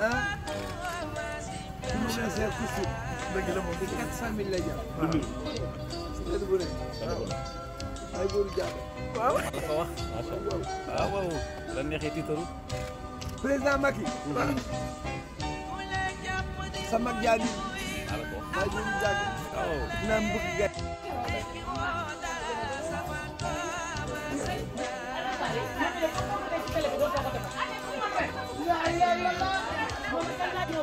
ah. monsieur le chef fii dëgg la moom fii quatre cent mille lay jar. waaw dëgg bu ne waaw. ay góoru jaar. waaw dafa wax. waaw waaw lan neexee tiitaru. président Macky. sa mag jaay bi. waaw. dinaa mbëgg gerte.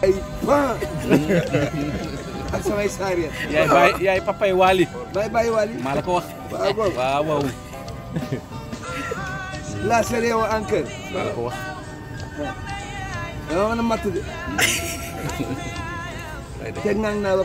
ay pan ak samay saariya. yaay baay yaay papay waali. baay baay waali. maa la ko wax. waaw waaw. la wa encore. maa la ko wax. dama mën matt de. teg naa naa ba.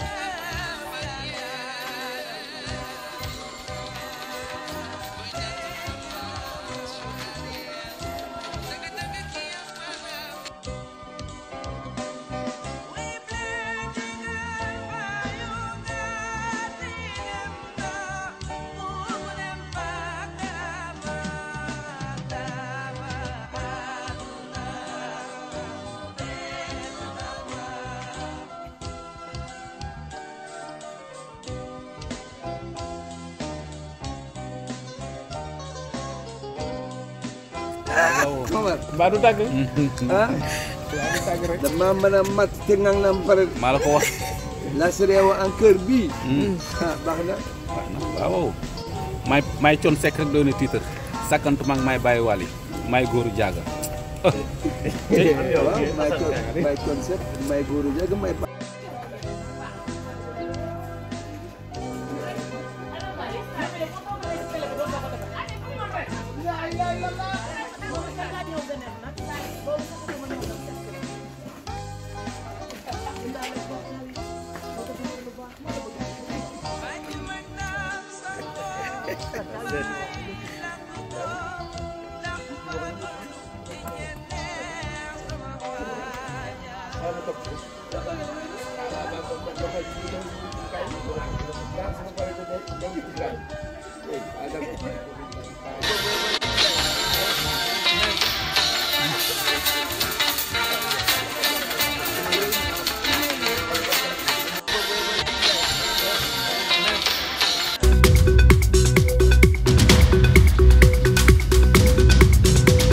mbaa du tàgg. ah. damaa mën a mat te nga na am pare. maa la ko wax. la sereewo en cœur bii. ah baax na. baax na waaw. maay maay con sec rek doon na tiitar sàkkantu maag maay bàyyi wàll jaaga. waaw maay con maay con sec maay That's it.